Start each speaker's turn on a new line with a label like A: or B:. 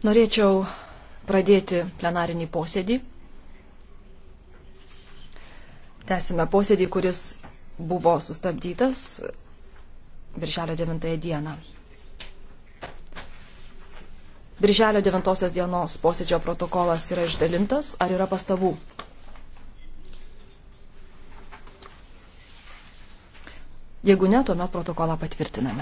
A: Norėčiau pradėti plenarinį posėdį. Tęsime posėdį, kuris buvo sustabdytas Birželio 9 dieną. Birželio 9 dienos posėdžio protokolas yra išdalintas, ar yra pastabų? Jeigu ne, tuomet
B: protokolą patvirtiname.